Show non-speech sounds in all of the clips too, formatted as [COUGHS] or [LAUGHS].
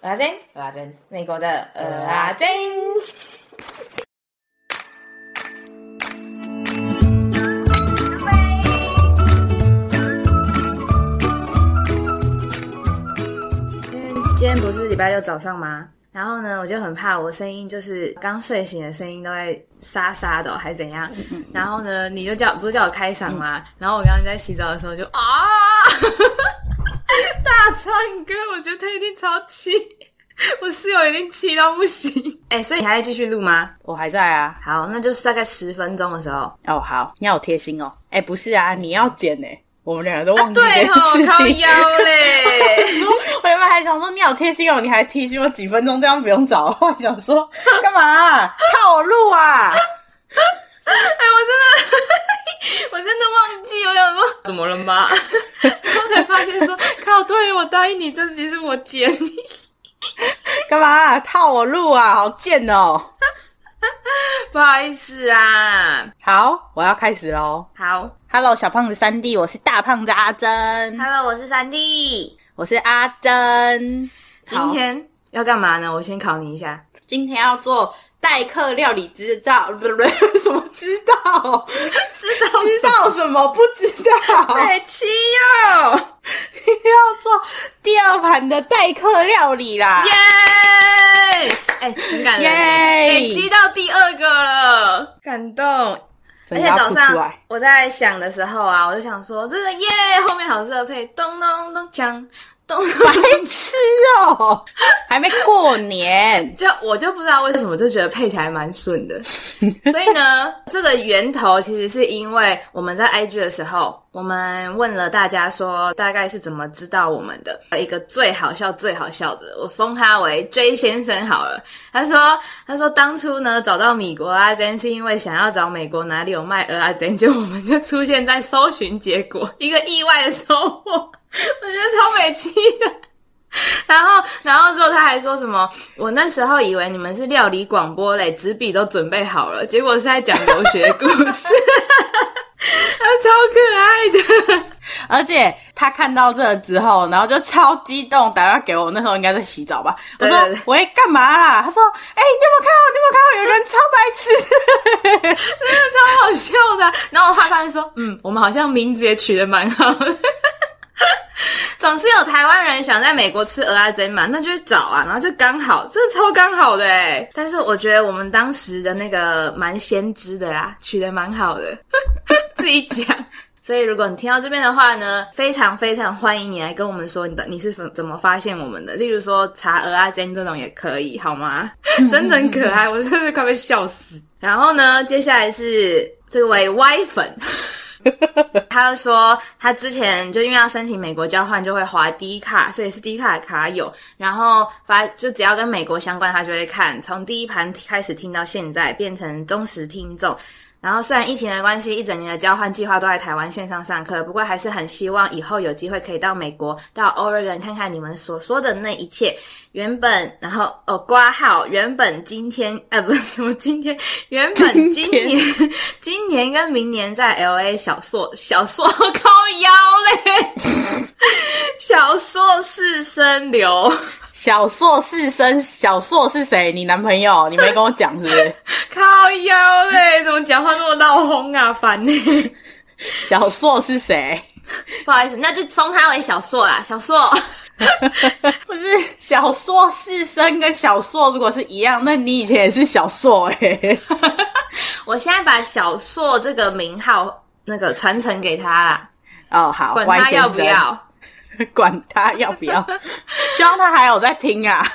阿珍，阿珍，美國的阿珍。乾杯。因為今天不是禮拜六早上嗎？然後呢，我就很怕我聲音就是剛睡醒的聲音都會沙沙的、喔，還是怎樣？ [LAUGHS] 然後呢，你就叫不是叫我開嗓嗎？嗯、然後我剛剛在洗澡的時候就啊。 [LAUGHS] 唱歌，我覺得他一定超氣，我室友一定氣到不行。哎、欸，所以你還在繼續錄嗎？我還在啊。好，那就是大概十分鐘的時候。哦，好，你好貼心哦。哎、欸，不是啊，你要剪呢、欸。我們兩個都忘記了、啊。這件事情對，好靠腰嘞。 [LAUGHS] 我原本還想說你好貼心哦，你還提醒我幾分鐘這樣不用找。我還想說幹嘛、啊？ [LAUGHS] 靠我錄啊！哎、欸，我真的。 [LAUGHS] [LAUGHS] 我真的忘記，我想說，怎麼了嗎 [LAUGHS] 我才發現說，靠對，對我答應你，這其實我撿你，幹 [LAUGHS] 嘛、啊、套我路啊？好賤哦、喔！ [LAUGHS] 不好意思啊，好，我要開始嘍。好，Hello，小胖子3蒂，我是大胖子 ㄚ 蓁。Hello，我是3蒂，我是 ㄚ 蓁。今天要幹嘛呢？我先考你一下，今天要做。代客料理，知道不？不，什麼知道 [LAUGHS] 知道什 [LAUGHS] 知道什麼，不知道？哎，七你要做第二盤的代客料理啦！耶！哎，很感動耶！累積到第二個了， [LAUGHS] 感動。而且早上我在想的時候啊，我就想說這個耶、yeah! 後面好適合配咚咚咚鏘。 [LAUGHS] 白吃肉，喔，還沒過年， [LAUGHS] 就我就不知道為什麼，就覺得配起來蠻順的。 [LAUGHS] 所以呢，這個源頭其實是因為我們在 IG 的時候，我們問了大家說，大概是怎麼知道我們的。一個最好笑、最好笑的，我封他為 J 先生好了。他說：“他說當初呢，找到米國蚵仔煎，真是因為想要找美國哪裡有賣蚵仔煎，就我們就出現在搜尋結果，一個意外的收穫。”我覺得超美氣的， [LAUGHS] 然後，然後之後他還說什麼？我那時候以為你們是料理廣播嘞，紙筆都準備好了，結果是在講留學故事， [LAUGHS] 他超可愛的。 [LAUGHS] 而且他看到這個之後，然後就超激動，打電話給我，那時候應該在洗澡吧。對對對。我說：“喂，幹嘛啦？”他說：“哎、欸，你有沒有看到？你有沒有看到有人超白痴、欸？ [LAUGHS] [LAUGHS] 真的超好笑的。”然後他發現說：“嗯，我們好像名字也取得蠻好的。 [LAUGHS] ”總是有台灣人想在美國吃蚵仔煎嘛，那就去找啊，然後就剛好，這是超剛好的哎、欸！但是我覺得我們當時的那個蠻先知的啦，取得蠻好的， [LAUGHS] 自己講。所以如果你聽到這邊的話呢，非常非常歡迎你來跟我們說你的你是怎麼發現我們的，例如說查蚵仔煎這種也可以，好嗎？ [LAUGHS] 真的很可愛，我真的快被笑死。 [LAUGHS] 然後呢，接下來是這位歪粉。 [LAUGHS] 他又說，他之前就因為要申請美國交換，就會划低卡，所以是低卡的卡友。然後發就只要跟美國相關，他就會看。從第一盤開始聽到現在，變成忠實聽眾。然後雖然疫情的關係，一整年的交換計劃都在台灣線上上課，不過還是很希望以後有機會可以到美國，到 Oregon 看看你們所說的那一切。原本，然後哦，掛、呃、號原本今天呃不是什麼今天，原本今年、今，天今年跟明年在 LA 小碩、小碩靠腰嘞，小碩是生流。小碩是生，小碩是誰？你男朋友？你沒跟我講是不是？靠腰勒！怎麼講話那麼鬧哄啊？煩你、欸！小碩是誰？不好意思，那就封他為小碩啦。小碩， [LAUGHS] 不是小碩是生跟小碩如果是一樣，那你以前也是小碩哎、欸。 [LAUGHS] 我現在把小碩這個名號那個傳承給他啦。哦，好，管他要不要。管他要不要， [LAUGHS] 希望他還有在聽啊！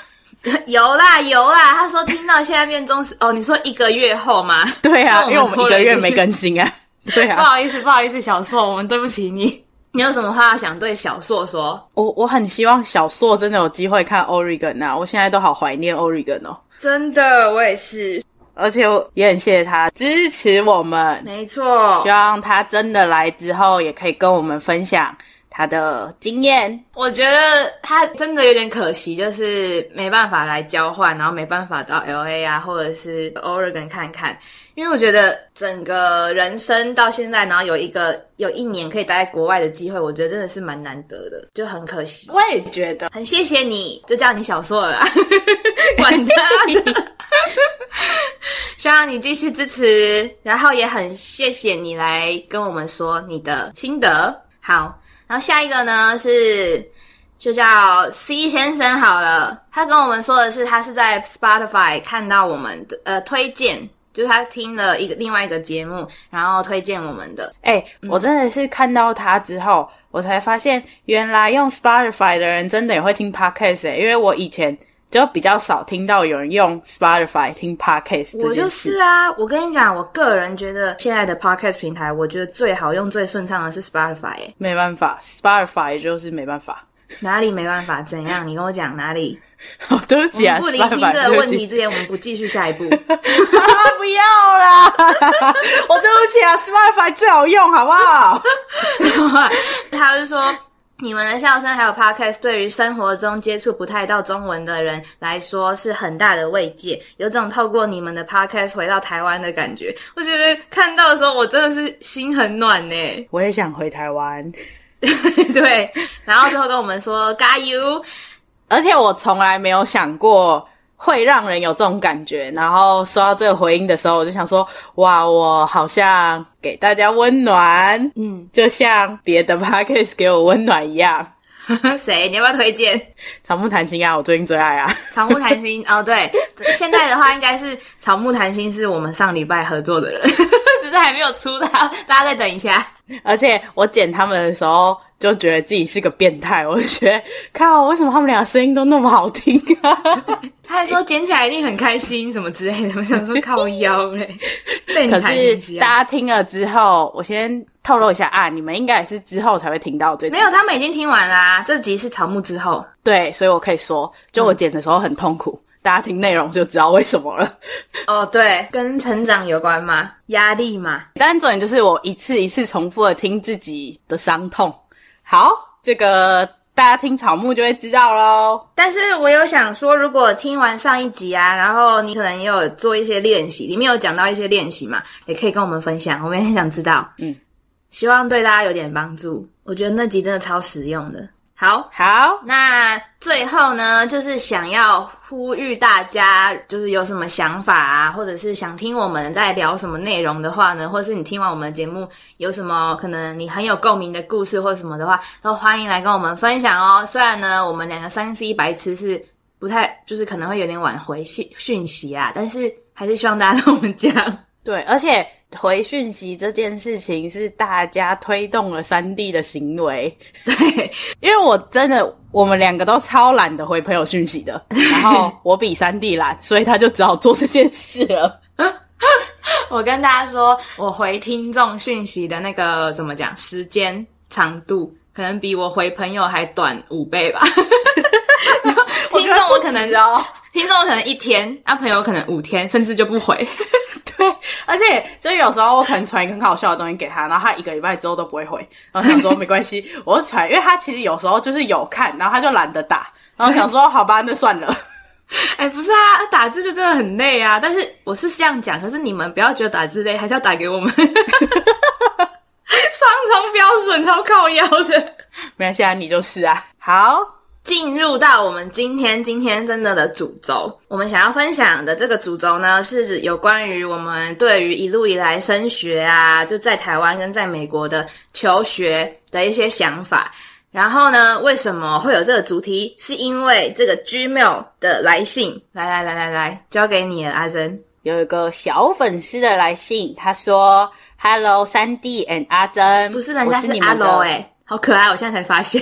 [LAUGHS] 有啦有啦，他說聽到現在變忠實哦。你說一個月後嗎？對啊，因為我們一個月沒更新啊。對啊， [LAUGHS] 不好意思不好意思，小碩，我們對不起你。你有什麼話要想對小碩說？我我很希望小碩真的有機會看 Oregon 啊！我現在都好懷念 Oregon 哦。真的，我也是。而且我也很謝謝他支持我們。沒錯，希望他真的來之後也可以跟我們分享他的經驗，我覺得他真的有點可惜，就是沒辦法來交換，然後沒辦法到 LA 啊，或者是 Oregon 看看，因為我覺得整個人生到現在，然後有一個有一年可以待在國外的機會，我覺得真的是蠻難得的，就很可惜。我也覺得，很謝謝你，就叫你小碩了啦， [LAUGHS] 管他的， [LAUGHS] [LAUGHS] 希望你繼續支持，然後也很謝謝你來跟我們說你的心得，好。然後下一個呢，是就叫 C 先生好了，他跟我們說的是，他是在 Spotify 看到我們的呃推薦，就是他聽了一個另外一個節目，然後推薦我們的。哎、欸，我真的是看到他之後，嗯、我才發現原來用 Spotify 的人真的也會聽 Podcast 耶、欸，因為我以前。就比較少聽到有人用 Spotify 聽 podcast，我就是啊。我跟你講，我個人覺得現在的 podcast 平台，我覺得最好用、最順暢的是 Spotify 欸。沒辦法，Spotify 就是沒辦法。哪裡沒辦法？怎樣？你跟我講哪裡？ [LAUGHS] 對不起啊，我不理清這個問題之前，我們不繼續下一步。不要啦！我、 [LAUGHS] [LAUGHS] oh, 對不起啊，Spotify 最好用，好不好？ [LAUGHS] 然後他就說。你們的笑聲還有 podcast，對於生活中接觸不太到中文的人來說是很大的慰藉，有種透過你們的 podcast 回到台灣的感覺。我覺得看到的時候，我真的是心很暖呢、欸。我也想回台灣， [LAUGHS] 對。然後最後跟我們說加油， [LAUGHS] Got you? 而且我從來沒有想過。會讓人有這種感覺，然後收到這個回音的時候，我就想說，哇，我好像給大家溫暖，嗯，就像別的 podcast 給我溫暖一樣。誰？你要不要推薦？草木談心啊，我最近最愛啊。草木談心啊，對，現在的話應該是草木談心是我們上禮拜合作的人， [LAUGHS] 只是還沒有出道。大家再等一下。而且我剪他們的時候。就覺得自己是個變態，我就覺得靠，為什麼他們倆聲音都那麼好聽，啊？ [LAUGHS] 他還說剪起來一定很開心，什麼之類的。我想說靠腰嘞，被 [LAUGHS] 你，啊，可是大家聽了之後，我先透露一下啊，你們應該也是之後才會聽到這集沒有，他們已經聽完啦，啊。這集是草木之後，對，所以我可以說，就我剪的時候很痛苦，嗯，大家聽內容就知道為什麼了。哦，對，跟成長有關嗎？壓力嘛？單純就是我一次一次重複的聽自己的傷痛。好，這個大家聽草木就會知道嘍。但是我有想說，如果聽完上一集啊，然後你可能也有做一些練習，裡面有講到一些練習嘛，也可以跟我們分享，我們也很想知道。嗯，希望對大家有點幫助。我覺得那集真的超實用的。好好，好，那最後呢，就是想要呼籲大家，就是有什麼想法啊，或者是想聽我們在聊什麼內容的話呢，或者是你聽完我們的節目有什麼可能你很有共鳴的故事或什麼的話，都歡迎來跟我們分享哦。雖然呢，我們兩個三 C 白痴是不太，就是可能會有點晚回訊訊息啊，但是還是希望大家跟我們講。對，而且。回訊息這件事情是大家推動了3蒂的行為，對，因為我真的我們兩個都超懶得回朋友訊息的，對然後我比3蒂懶，所以他就只好做這件事了。我跟大家說，我回聽眾訊息的那個怎麼講時間長度，可能比我回朋友還短五倍吧。 [LAUGHS] 聽眾我可能知道 [LAUGHS] 聽眾可能一天， [LAUGHS] 啊朋友可能五天，甚至就不回。 [LAUGHS] 對，而且所以有時候我可能傳一個很好笑的東西給他，然後他一個禮拜之後都不會回，然後想說沒關係， [LAUGHS] 我傳，因為他其實有時候就是有看，然後他就懶得打，然後想說好吧，那算了。哎、 [LAUGHS] 欸，不是啊，打字就真的很累啊。但是我是這樣講，可是你們不要覺得打字累，還是要打給我們，雙 [LAUGHS] [LAUGHS] 重標準超靠腰的。 [LAUGHS] 沒關現在、啊、你就是啊，好。進入到我們今天今天真的的主軸，我們想要分享的這個主軸呢，是指有關於我們對於一路以來升學啊，就在台灣跟在美國的求學的一些想法。然後呢，為什麼會有這個主題？是因為這個 Gmail 的來信，來來來來來，交給你了，阿珍。有一個小粉絲的來信，他說：“Hello 三蒂 and 阿珍，不是人家是，你是阿洛哎、欸，好可愛，我現在才發現。”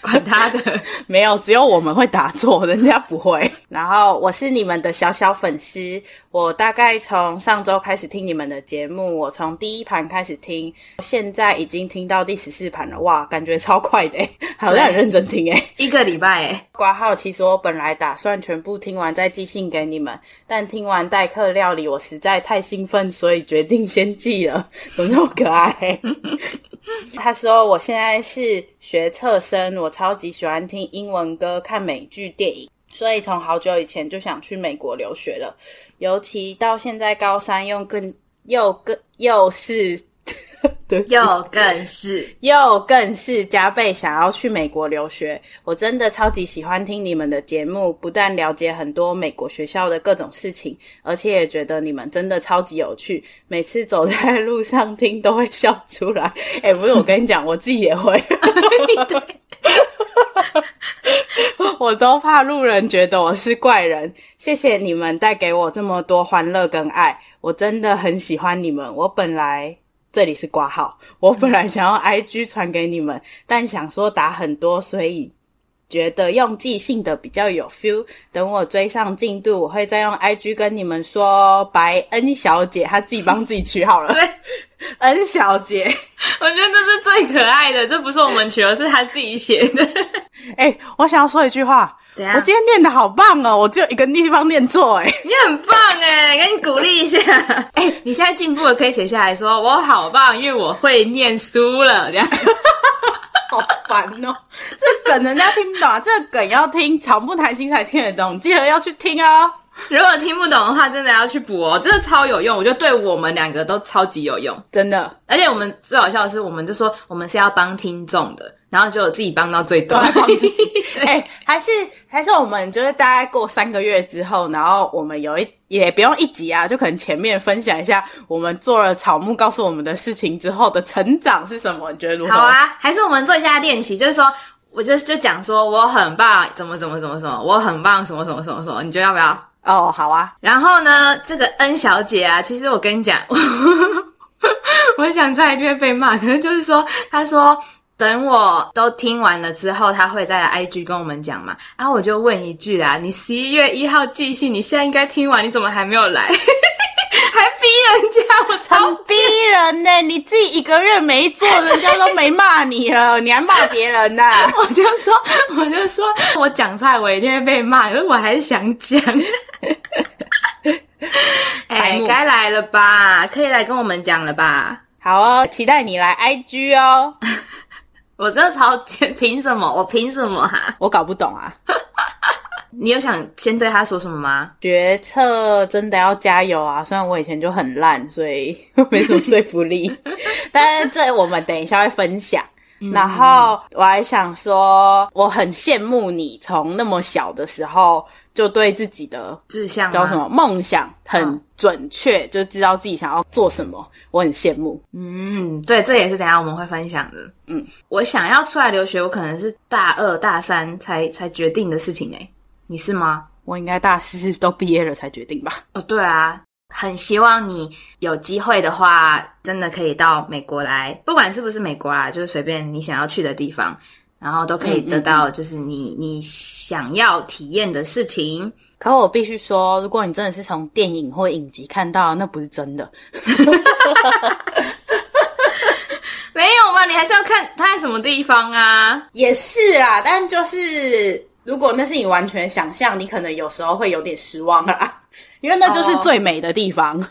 管他的， [LAUGHS] 沒有，只有我們會打坐，人家不會。 [LAUGHS] 然後我是你們的小小粉絲，我大概從上周開始聽你們的節目，我從第一盤開始聽，現在已經聽到第十四盤了，哇，感覺超快的，好像很認真聽哎，一個禮拜哎，掛號。其實我本來打算全部聽完再寄信給你們，但聽完代客料理，我實在太興奮，所以決定先寄了，怎麼那麼可愛？ [LAUGHS] 他說：“我現在是學測生，我超級喜歡聽英文歌、看美劇、電影，所以從好久以前就想去美國留學了。尤其到現在高三，又更，又更，又是。” [LAUGHS] 對又更是，又更是加倍想要去美國留學。我真的超級喜歡聽你們的節目，不但了解很多美國學校的各種事情，而且也覺得你們真的超級有趣。每次走在路上聽都會笑出來。哎，欸，不是，我跟你講， [LAUGHS] 我自己也會。 [LAUGHS] [LAUGHS] 對， [LAUGHS] [LAUGHS] 我都怕路人覺得我是怪人。謝謝你們帶給我這麼多歡樂跟愛，我真的很喜歡你們。我本來。這裡是掛號。我本來想用 IG 傳給你們，但想說打很多，所以覺得用寄信的比較有 feel。等我追上進度，我會再用 IG 跟你們說。白 N 小姐她自己幫自己取好了對，N 小姐，我覺得這是最可愛的，這不是我們取的，而是她自己寫的。哎、 [LAUGHS] 欸，我想要說一句話。怎樣？我今天念的好棒哦，我只有一個地方念錯誒、欸、你很棒誒、欸、給你鼓勵一下。誒、 [LAUGHS] 欸、你現在進步了，可以寫下來說我好棒，因為我會念書了。這樣， [LAUGHS] 好煩哦，這梗人家聽不懂啊， [LAUGHS] 這梗要聽，長不談心才聽得懂，記得要去聽哦、啊。如果聽不懂的話，真的要去補哦，真的超有用，我覺得對我們兩個都超級有用，真的。而且我們最好笑的是，我們就說我們是要幫聽眾的。然後就有自己幫到最多。對自己。對欸、還是，還是我們就是大概過三個月之後，然後我們有一也不用一集啊，就可能前面分享一下我們做了草木告訴我們的事情之後的成長是什麼？你覺得如何？好啊，還是我們做一下練習，就是說，我就就講說我很棒，怎麼怎麼怎麼怎麼，我很棒，什麼什麼什麼什麼，你覺得要不要？哦，好啊。然後呢，這個 N 小姐啊，其實我跟你講， [LAUGHS] 我想出來就會被罵，可能就是說，她說。等我都聽完了之後，他會再來 IG 跟我們講嘛。然、啊、後我就問一句啦、啊：“你十一月一號寄信，你現在應該聽完，你怎麼還沒有來？ [LAUGHS] 還逼人家？我操！逼人呢、欸！你自己一個月沒做，人家都沒罵你了， [LAUGHS] 你還罵別人呢、啊？”我就說，我就說，我講出來，我一定會被罵，因為我還是想講。哎、 [LAUGHS] 欸，名該來了吧？可以來跟我們講了吧？好哦，期待你來 IG 哦。我真的超賤，憑什麼？我憑什麼啊？我搞不懂啊！ [LAUGHS] 你有想先對他說什麼嗎？決策真的要加油啊！雖然我以前就很爛，所以沒什麼說服力， [LAUGHS] 但是這我們等一下會分享。 [LAUGHS] 然後我還想說，我很羨慕你，從那麼小的時候。就對自己的志向叫什麼夢想很準確，哦、就知道自己想要做什麼，我很羨慕。嗯，對，這也是等一下我們會分享的。嗯，我想要出來留學，我可能是大二大三才才決定的事情誒，你是嗎？我應該大四、四都畢業了才決定吧？哦，對啊，很希望你有機會的話，真的可以到美國來，不管是不是美國啦、啊，就是隨便你想要去的地方。然後都可以得到，就是你嗯嗯嗯你，你想要體驗的事情。可我必須說，如果你真的是從電影或影集看到，那不是真的。沒有嘛？你還是要看它在什麼地方啊。也是啦，但就是如果那是你完全想象你可能有時候會有點失望啦，因為那就是最美的地方。Oh.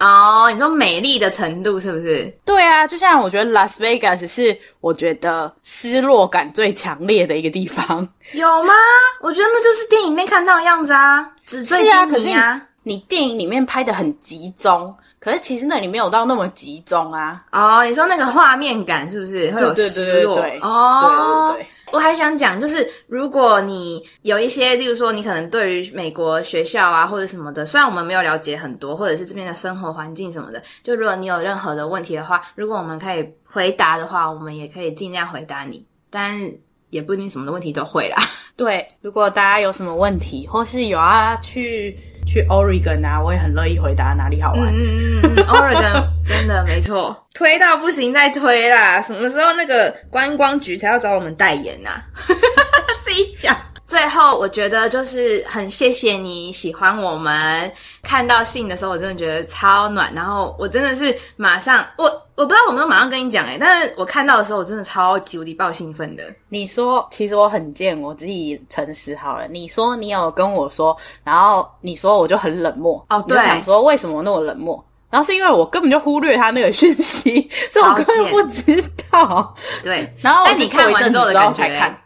哦，oh, 你說美麗的程度是不是？對啊，就像我覺得 Las Vegas 是我覺得失落感最強烈的一個地方。有嗎？我覺得那就是電影裡面看到的樣子啊，只是啊，可是啊。你電影裡面拍得很集中。可是其實那裡沒有到那麼集中啊！哦，你說那個畫面感是不是？會有失落？對，對、對、對哦，對對、對、對。我還想講，就是如果你有一些，例如說你可能對於美國學校啊或者什麼的，雖然我們沒有了解很多，或者是這邊的生活環境什麼的，就如果你有任何的問題的話，如果我們可以回答的話，我們也可以盡量回答你，但也不一定什麼的問題都會啦。對，如果大家有什麼問題，或是有要去。去 Oregon 啊，我也很樂意回答哪裡好玩。嗯嗯 Oregon 真的沒錯，推到不行再推啦。什麼時候那個觀光局才要找我們代言啊？哈哈哈，自己講。最後，我覺得就是很謝謝你喜歡我們。看到信的時候，我真的覺得超暖。然後我真的是馬上，我我不知道有沒有馬上跟你講誒、欸、但是我看到的時候，我真的超級無敵爆興奮的。你說，其實我很賤，我自己誠實好了。你說你有跟我說，然後你說我就很冷漠。哦，對。你想說為什麼我那麼冷漠，然後是因為我根本就忽略他那個訊息，是賤我根本不知道。對，然後我但你看完之後，然後才看。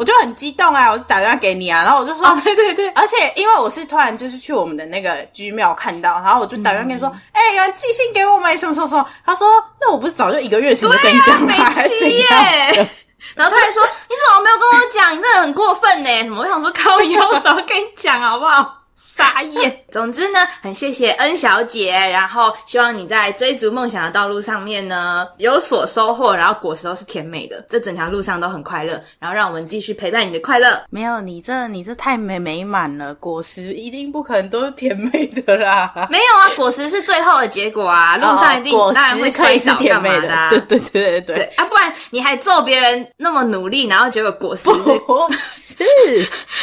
我就很激動啊，我就打電話給你啊，然後我就說，哦、對對對，而且因為我是突然就是去我們的那個 Gmail 看到，然後我就打電話跟你說，哎、嗯，欸、有人寄信給我們，什麼什麼什麼，什麼，他說，那我不是早就一個月前跟你講、啊啊、耶。然後他還說， [LAUGHS] 你怎麼沒有跟我講？你真的很過分欸，什麼？我想說靠你，以後我早就跟你講好不好？ [LAUGHS] 傻眼， [LAUGHS] 總之呢，很謝謝 N 小姐，然後希望你在追逐夢想的道路上面呢，有所收穫，然後果實都是甜美的，這整條路上都很快樂，然後讓我們繼續陪伴你的快樂。沒有，你這，你這太美美滿了，果實一定不可能都是甜美的啦。沒有啊，果實是最後的結果啊，哦、路上一定果實可以當然會的、啊、可以是甜美的。對對對對對。啊，不然你還咒別人那麼努力，然後結果果實是不是，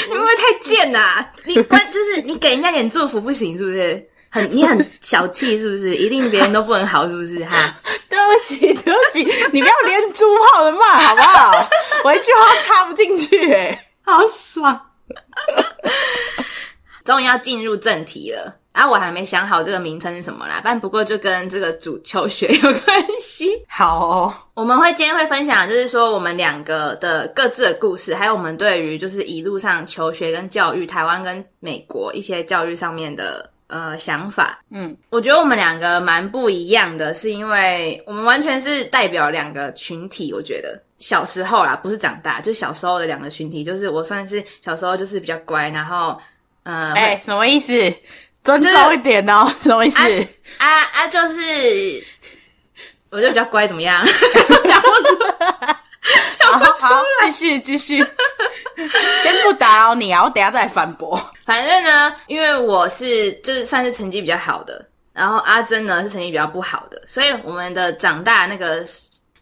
你 [LAUGHS] 會不會太賤啦、啊你關就是你給人家點祝福不行是不是？很你很小氣是不是？不是一定別人都不能好是不是哈？ [LAUGHS] [LAUGHS] 對不起對不起，你不要連珠炮的罵好不好？ [LAUGHS] 我一句話插不進去哎、欸，好爽， [LAUGHS] 終於要進入正題了。啊，我還沒想好這個名稱是什麼啦，但不過就跟這個主求學有關係。好哦，我們會今天會分享，就是說我們兩個的各自的故事，還有我們對於就是一路上求學跟教育，台灣跟美國一些教育上面的呃想法。嗯，我覺得我們兩個蠻不一樣的，是因為我們完全是代表兩個群體。我覺得小時候啦，不是長大，就小時候的兩個群體，就是我算是小時候就是比較乖，然後呃，欸，什麼意思？尊重就一點呢、哦？什麼意思？啊啊，啊啊就是，我就比較乖，怎麼樣？講 [LAUGHS] 不出來，講 [LAUGHS] 不出來。繼續，繼續。 [LAUGHS] 先不打擾你啊，我等一下再反駁。反正呢，因為我是就是算是成績比較好的，然後阿蓁呢是成績比較不好的，所以我們的長大那個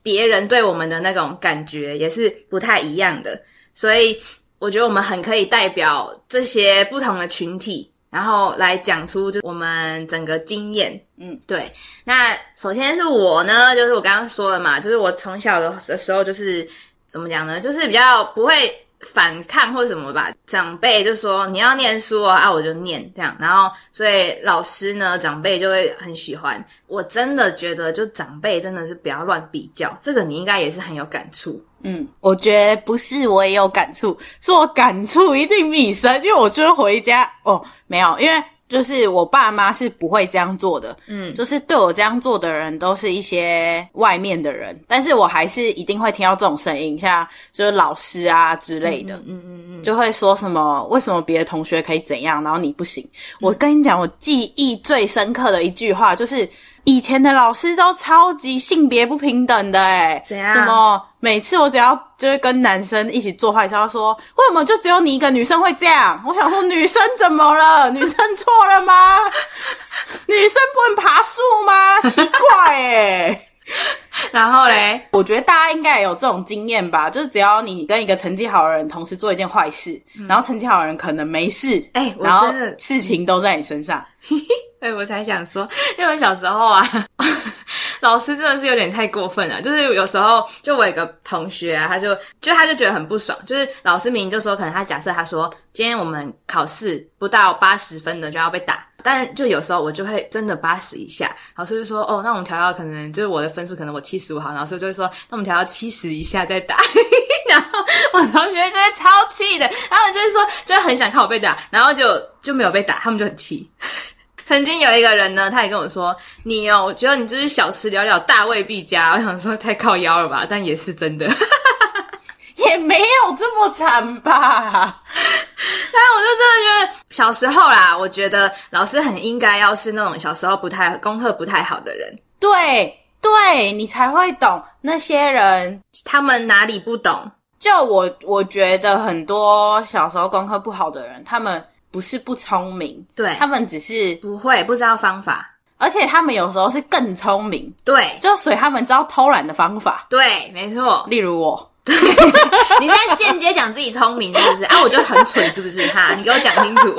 別人對我們的那種感覺也是不太一樣的。所以我覺得我們很可以代表這些不同的群體。然後來講出就我們整個經驗，嗯，對。那首先是我呢，就是我剛剛說了嘛，就是我從小的的時候就是，怎麼講呢，就是比較不會。反抗或什麼吧，長輩就說你要念書啊，啊，我就念這樣，然後所以老師呢，長輩就會很喜歡。我真的覺得，就長輩真的是不要亂比較，這個你應該也是很有感觸。嗯，我覺得不是，我也有感觸，是我感觸一定比你深，因為我覺得回家哦沒有，因為。就是我爸媽是不會這樣做的，嗯，就是對我這樣做的人，都是一些外面的人，但是我還是一定會聽到這種聲音，像就是老師啊之類的，嗯嗯嗯，嗯嗯嗯，就會說什麼，為什麼別的同學可以怎樣，然後你不行。我跟你講，我記憶最深刻的一句話就是。以前的老師都超級性別不平等的，哎、欸，怎樣？什麼，怎麼每次我只要就會跟男生一起做壞事，他說為什麼就只有你一個女生會這樣？我想說女生怎麼了？ [LAUGHS] 女生錯了嗎？女生不會爬樹嗎？奇怪、欸。 [LAUGHS] [LAUGHS] 然後呢勒，我覺得大家應該也有這種經驗吧，就是只要你跟一個成績好的人同時做一件壞事，嗯、然後成績好的人可能沒事，哎、欸，然後事情都在你身上，嘿、 [LAUGHS] 欸，所以我才想說，因為我小時候啊。 [LAUGHS] 老師真的是有點太過分了，就是有時候就我有一個同學啊，他就就他就覺得很不爽，就是老師明明就說可能他假設他說，今天我們考試不到八十分的就要被打，但是就有時候我就會真的八十以下，老師就說哦，那我們調到可能就是我的分數可能我七十五好，然後老師就會說，那我們調到七十以下再打， [LAUGHS] 然後我同學就會超氣的，然後就是說就會很想看我被打，然後就就沒有被打，他們就很氣。曾經有一個人呢，他也跟我說：“你哦，我覺得你就是小時了了，大未必佳。”我想說太靠腰了吧，但也是真的。 [LAUGHS] 也沒有這麼慘吧？但我就真的覺得小時候啦，我覺得老師很應該要是那種小時候不太功課不太好的人，對對，你才會懂那些人他們哪裡不懂。就我我覺得很多小時候功課不好的人，他們。不是不聰明，對他們只是不會不知道方法，而且他們有時候是更聰明，對，就所以他們知道偷懶的方法，對，沒錯。例如我，對，你現在間接講自己聰明是不是？啊，我覺得很蠢是不是？哈，你給我講清楚。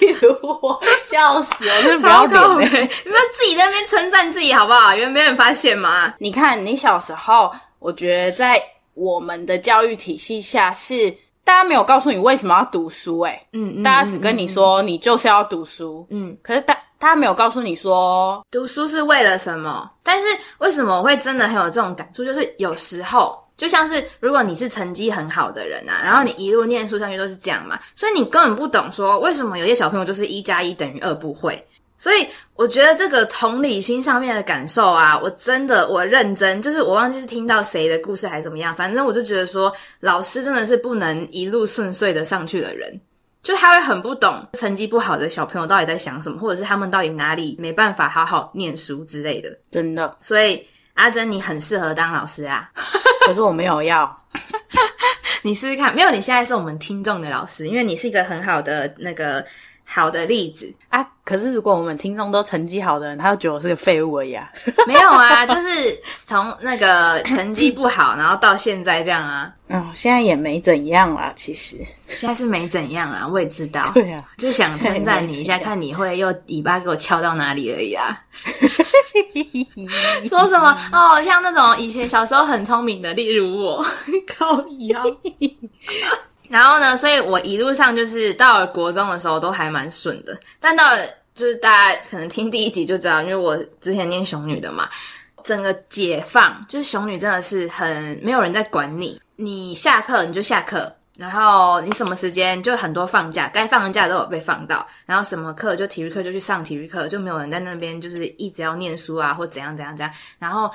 例如我，笑死了，你不要搞。你不要自己在那邊稱讚自己好不好？因為沒人發現嗎？你看，你小時候，我覺得在我們的教育體系下是。大家沒有告訴你為什麼要讀書，欸，哎、嗯，嗯，大家只跟你說、嗯嗯嗯、你就是要讀書，嗯，可是大大家沒有告訴你說讀書是為了什麼？但是為什麼我會真的很有這種感觸？就是有時候，就像是如果你是成績很好的人吶、啊，然後你一路念書上去都是這樣嘛，所以你根本不懂說為什麼有些小朋友就是一加一等於二不會。所以我覺得這個同理心上面的感受啊，我真的我認真，就是我忘記是聽到誰的故事還是怎麼樣，反正我就覺得說，老師真的是不能一路順遂的上去的人，就他會很不懂成績不好的小朋友到底在想什麼，或者是他們到底哪裡沒辦法好好念書之類的。真的，所以 ㄚ 蓁你很適合當老師啊， [LAUGHS] 可是我沒有要， [LAUGHS] 你試試看，沒有，你現在是我們聽眾的老師，因為你是一個很好的那個。好的例子啊，可是如果我們聽眾都成績好的人，他就覺得我是個廢物而已啊。沒有啊，就是從那個成績不好， [COUGHS] 然後到現在這樣啊。哦、嗯，現在也沒怎樣啦，其實。現在是沒怎樣啊。我也知道。對啊。就想稱讚你一下，看你會用尾巴給我敲到哪裡而已啊。 [LAUGHS] [LAUGHS] 說什麼哦？像那種以前小時候很聰明的，例如我，靠一樣。 [LAUGHS] 然後呢，所以我一路上就是到了國中的時候都還蠻順的，但到了，就是大家可能聽第一集就知道，因為我之前念雄女的嘛，整個解放就是雄女真的是很沒有人在管你，你下課你就下課，然後你什麼時間就很多放假，該放的假都有被放到，然後什麼課就體育課就去上體育課，就沒有人在那邊就是一直要念書啊或怎樣怎樣怎樣，然後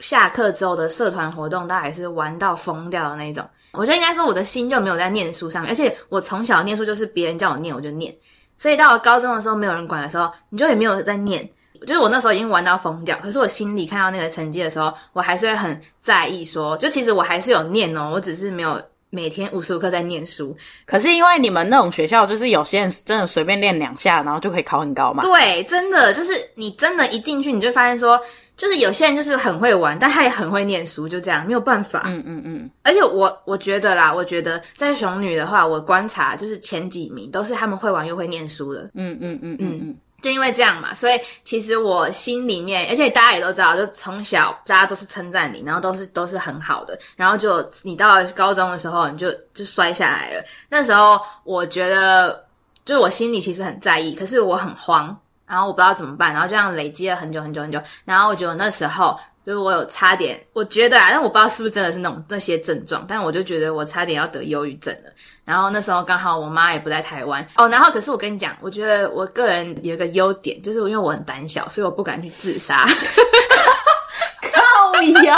下課之後的社團活動，大概是玩到瘋掉的那種。我覺得應該說，我的心就沒有在念書上面，而且我從小念書就是別人叫我念我就念，所以到了高中的時候沒有人管的時候，你就也沒有在念。我覺得我那時候已經玩到瘋掉，可是我心裡看到那個成績的時候，我還是會很在意。說，就其實我還是有念哦，我只是沒有每天無時無刻在念書。可是因為你們那種學校，就是有些人真的隨便念兩下，然後就可以考很高嘛。對，真的就是你真的一進去，你就發現說。就是有些人就是很會玩，但他也很會念書，就這樣，沒有辦法。嗯嗯嗯。嗯嗯，而且我我覺得啦，我覺得在雄女的話，我觀察就是前幾名都是他們會玩又會念書的。嗯嗯嗯嗯。就因為這樣嘛，所以其實我心裡面，而且大家也都知道，就從小大家都是稱讚你，然後都是都是很好的，然後就你到了高中的時候，你就就摔下來了。那時候我覺得，就是我心裡其實很在意，可是我很慌。然後我不知道怎麼辦，然後就這樣累積了很久很久很久。然後我覺得我那時候，就是我有差點，我覺得啊，但我不知道是不是真的是那種那些症狀，但我就覺得我差點要得憂鬱症了。然後那時候剛好我媽也不在台灣哦。然後可是我跟你講，我覺得我個人有一個優點，就是因為我很膽小，所以我不敢去自殺。靠呀！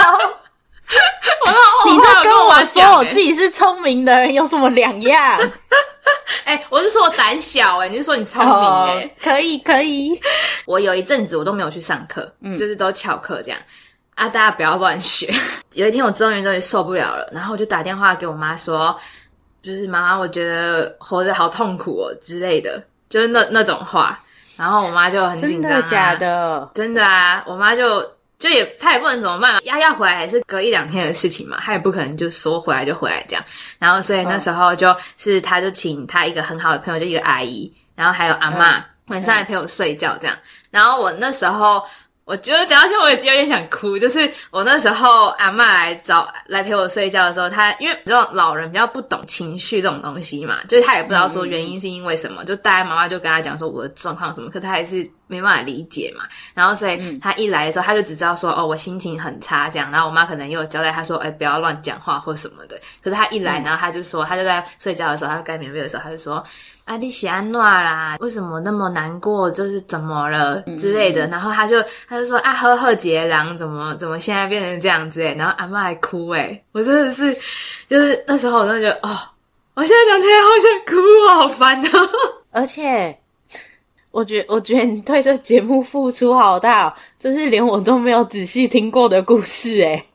你這跟我說我自己是聰明的人有 [LAUGHS] 什麼兩樣？哎、欸，我是說我膽小、欸，哎，你是說你聰明、欸，哎、oh，可以可以。我有一陣子我都沒有去上課，嗯，就是都翹課這樣。啊，大家不要亂學。 [LAUGHS] 有一天我終於終於受不了了，然後我就打電話給我媽說，就是媽媽，我覺得活着好痛苦哦、喔、之類的，就是那那種話。然後我媽就很緊張、啊，真的假的？真的啊，我媽就。就也他也不能怎麼辦、啊，要要回來還是隔一兩天的事情嘛，他也不可能就說回來就回來這樣。然後所以那時候就是他就請他一個很好的朋友，就一個阿姨，然後還有阿嬤、嗯、晚上來陪我睡覺這樣。嗯嗯、然後我那時候我覺得講到這我也有點想哭，就是我那時候阿嬤來找來陪我睡覺的時候，她因為這種老人比較不懂情緒這種東西嘛，就是她也不知道說原因是因為什麼，嗯、就大概媽媽就跟他講說我的狀況什麼，可她還是。沒辦法理解嘛，然後所以他一來的時候，他就只知道說、嗯、哦，我心情很差這樣，然後我媽可能又交代他說，哎、欸，不要亂講話或什麼的。可是他一來，然後他就說，嗯、他就在睡覺的時候，他蓋棉被的時候，他就說，啊，你喜安諾啦？為什麼那麼難過？就是怎麼了之類的。然後他就他就說啊，呵呵，節郎怎麼怎麼現在變成這樣子、欸？誒然後阿嬤還哭哎、欸，我真的是，就是那時候我真的覺得哦，我現在想起來好想哭啊，好煩哦、喔，而且。我覺，我覺得你對這節目付出好大哦、喔，真、就是連我都沒有仔細聽過的故事哎、欸。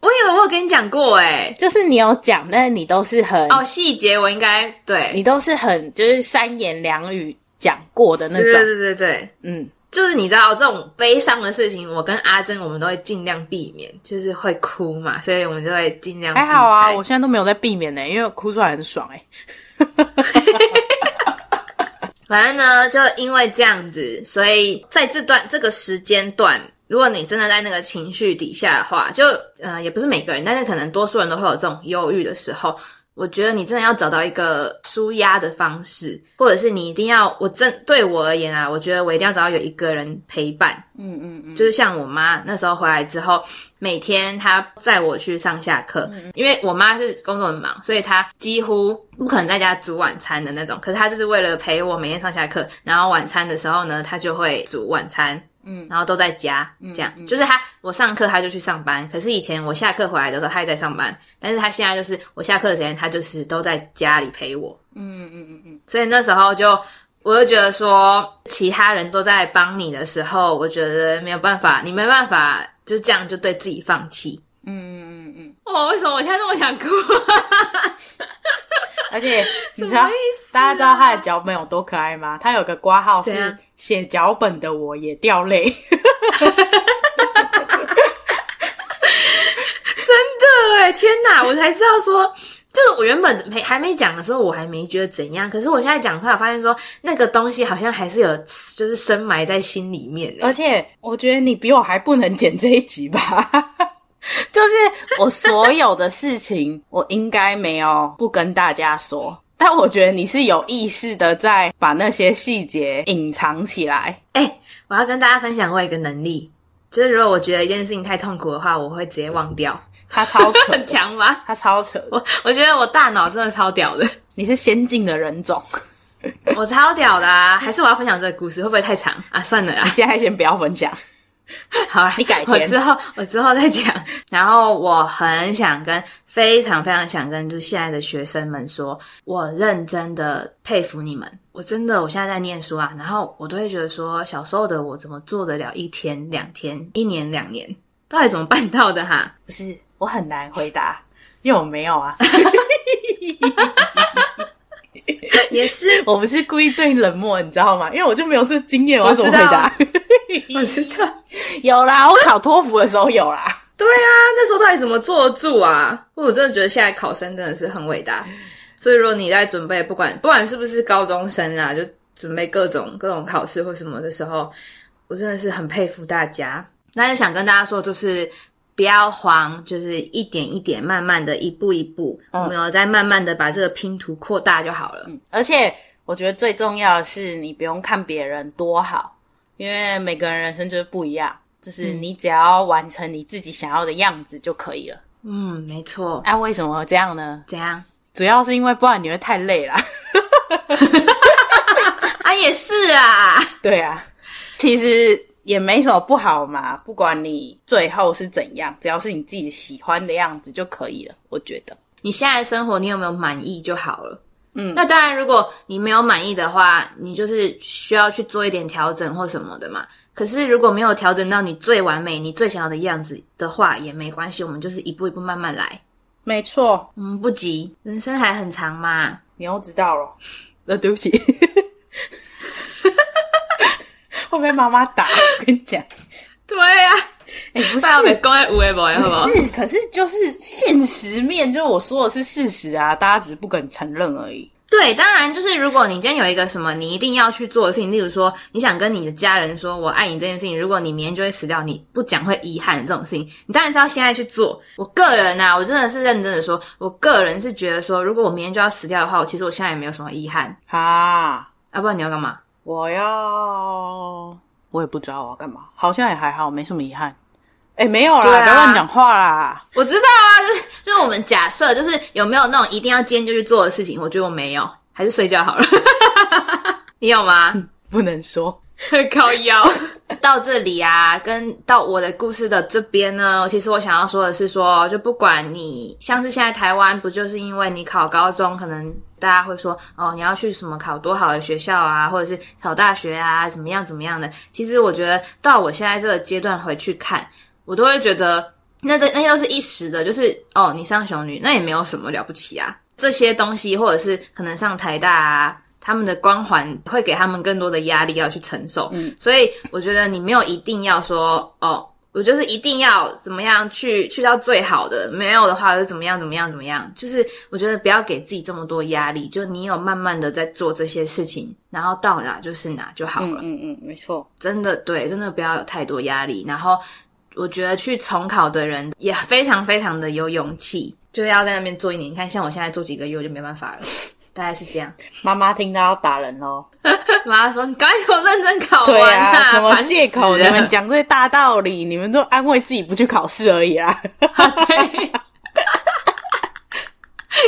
我以為我有跟你講過哎、欸，就是你有講，但是你都是很哦細節，我應該對，你都是很就是三言兩語講過的那種。對對對對嗯，就是你知道這種悲傷的事情，我跟 ㄚ 蓁我們都會盡量避免，就是會哭嘛，所以我們就會盡量還好啊，我現在都沒有在避免呢、欸，因為我哭出來很爽哎、欸。 [LAUGHS] [LAUGHS] 反正呢，就因為這樣子，所以在這段這個時間段，如果你真的在那個情緒底下的話，就呃，也不是每個人，但是可能多數人都會有這種憂鬱的時候。我覺得你真的要找到一個紓壓的方式，或者是你一定要，我真對我而言啊，我覺得我一定要找到有一個人陪伴。嗯嗯嗯，嗯嗯就是像我媽那時候回來之後，每天她載我去上下課，嗯、因為我媽是工作很忙，所以她幾乎不可能在家煮晚餐的那種。可是她就是為了陪我每天上下課，然後晚餐的時候呢，她就會煮晚餐。嗯，然後都在家，這樣，嗯嗯嗯、就是他，我上課，他就去上班。可是以前我下課回來的時候，他也在上班。但是他現在就是我下課的時間，他就是都在家裡陪我。嗯嗯嗯嗯。嗯嗯，所以那時候就我就覺得說，其他人都在幫你的時候，我覺得沒有辦法，你沒辦法就這樣就對自己放棄。嗯嗯嗯。嗯嗯，哦，為什麼我現在那麼想哭？而且你知道什麼意思？大家知道他的腳本有多可愛嗎？他有個括號，是寫腳本的，我也掉淚怎樣。 [LAUGHS] 真的哎，天哪！我才知道說，就是我原本沒還沒講的時候，我還沒覺得怎樣。可是我現在講出來，我發現說那個東西好像還是有，就是深埋在心裡面。而且我覺得你比我還不能剪這一集吧？就是我所有的事情，我應該沒有不跟大家說。但我覺得你是有意識的在把那些細節隱藏起來。哎、欸，我要跟大家分享我一個能力，就是如果我覺得一件事情太痛苦的話，我會直接忘掉。他超扯。他超強嗎？他超扯。我我覺得我大腦真的超屌的。你是先進的人種。我超屌的啊！還是我要分享這個故事會不會太長啊？算了啊，現在先不要分享。 [LAUGHS] 好了啦，你改我之後，我之後再講。 [LAUGHS] 然後我很想跟，非常非常想跟，就是現在的學生們說，我認真的佩服你們。我真的，我現在在念書啊，然後我都會覺得說，小時候的我怎麼做得了一天兩天，一年兩年，到底怎麼辦到的哈、啊？不是，我很難回答， [LAUGHS] 因為我沒有啊。 [LAUGHS] [LAUGHS] 也是，我不是故意對你冷漠，你知道嗎？因為我就沒有這個經驗，我要怎麼回答？我知道，知道 [LAUGHS] 有啦，我考托福的時候有啦。 [LAUGHS] 對啊，那時候到底怎麼坐得住啊？我真的覺得現在考生真的是很偉大，所以如果你在準備，不管不管是不是高中生啊，就準備各種各種考試或什麼的時候，我真的是很佩服大家。那想跟大家說，就是。不要慌，就是一點一點，慢慢的，一步一步，嗯、我們有在慢慢的把這個拼圖擴大就好了。嗯，而且我覺得最重要的是，你不用看別人多好，因為每個人人生就是不一樣，就是你只要完成你自己想要的樣子就可以了。嗯，嗯，沒錯。啊為什麼會這樣呢？這樣？主要是因為不然你會太累了。哈哈哈哈哈哈！啊，也是啊。對啊，其實。也沒什麼不好嘛，不管你最後是怎樣，只要是你自己喜歡的樣子就可以了。我覺得你現在的生活你有沒有滿意就好了。嗯，那當然，如果你沒有滿意的話，你就是需要去做一點調整或什麼的嘛。可是如果沒有調整到你最完美、你最想要的樣子的話，也沒關係，我們就是一步一步慢慢來。沒錯，我們、嗯、不急，人生還很長嘛。你又知道了，那、啊、對不起。 [LAUGHS] 會被媽媽打，我跟你講， [LAUGHS] 對呀、啊，哎、欸，不是，的的是，可是就是現實面，就是我說的是事實啊，大家只是不肯承認而已。對，當然就是如果你今天有一個什麼你一定要去做的事情，例如說你想跟你的家人說我愛你這件事情，如果你明天就會死掉，你不講會遺憾的這種事情，你當然是要現在去做。我個人啊，我真的是認真的說，我個人是覺得說，如果我明天就要死掉的話，我其實我現在也沒有什麼遺憾啊。啊，不然你要幹嘛？我要，我也不知道我要幹嘛，好像也還好，沒什麼遺憾。哎、欸，沒有啦，不要亂講話啦。我知道啊，就是就是我們假設，就是有沒有那種一定要堅持去做的事情，我覺得我沒有，還是睡覺好了。 [LAUGHS] 你有嗎？不能說， [LAUGHS] 靠腰。 [LAUGHS] [LAUGHS] 到這裡啊，跟到我的故事的這邊呢，其實我想要說的是說，就不管你，像是現在台灣，不就是因為你考高中可能。大家會說哦，你要去什麼考多好的學校啊，或者是考大學啊，怎麼樣怎麼樣的？其實我覺得到我現在這個階段回去看，我都會覺得那這那些都是一時的，就是哦，你上雄女那也沒有什麼了不起啊，這些東西或者是可能上台大啊，他們的光環會給他們更多的壓力要去承受，嗯。所以我覺得你沒有一定要說哦。我就是一定要怎麼樣去去到最好的，沒有的話就怎麼樣怎麼樣怎麼樣。就是我覺得不要給自己這麼多壓力，就你有慢慢的在做這些事情，然後到哪就是哪就好了。嗯嗯，嗯，沒錯，真的對，真的不要有太多壓力。然後我覺得去重考的人也非常非常的有勇氣，就要在那邊做一年。你看，像我現在做幾個月我就沒辦法了。大概是這樣，媽媽聽到要打人嘍。媽 [LAUGHS] 媽說：“你該要認真考完啊。”對啊，什麼借口？你們講這些大道理，你們都安慰自己不去考試而已啦。對，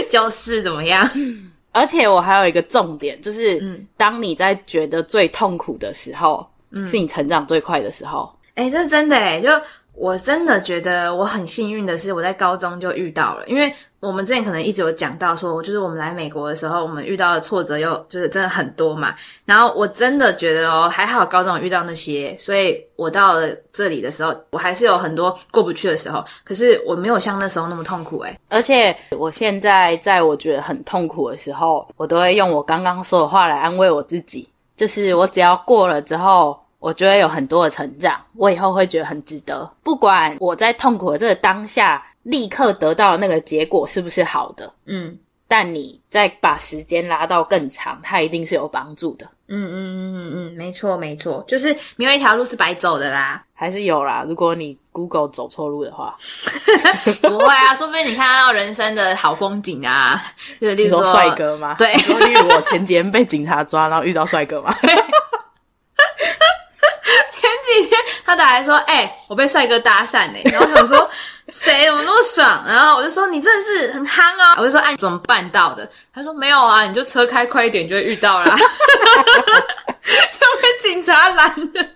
就是怎麼樣？而且我還有一個重點，就是，嗯，當你在覺得最痛苦的時候，嗯，是你成長最快的時候。哎，這是真的哎、欸，就我真的覺得我很幸運的是，我在高中就遇到了，因為。我們之前可能一直有講到說，就是我們來美國的時候，我們遇到的挫折又就是真的很多嘛。然後我真的覺得哦，還好高中遇到那些，所以我到了這裡的時候，我還是有很多過不去的時候。可是我沒有像那時候那麼痛苦誒、欸、而且我現在在我覺得很痛苦的時候，我都會用我剛剛說的話來安慰我自己，就是我只要過了之後，我就會有很多的成長，我以後會覺得很值得。不管我在痛苦的這個當下，立刻得到那個結果是不是好的？嗯，但你再把時間拉到更長，它一定是有幫助的。嗯嗯嗯嗯嗯，沒錯沒錯，就是沒有一條路是白走的啦。還是有啦，如果你 Google 走錯路的話。不會啊，說不定你看到人生的好風景啊， [LAUGHS] 就是例如說帥哥嘛，對，例如我前幾天被警察抓，然後遇到帥哥嘛。對 [LAUGHS] 前幾天他打來說：“哎、欸，我被帥哥搭訕呢。”然後他我說：“誰？ [LAUGHS] 怎麼那麼爽？”然後我就說：“你真的是很夯哦。”我就說：“哎，怎麼辦到的？”他說：“沒有啊，你就車開快一點就會遇到啦 [LAUGHS] [LAUGHS] 就被警察攔了。 [LAUGHS] 我你”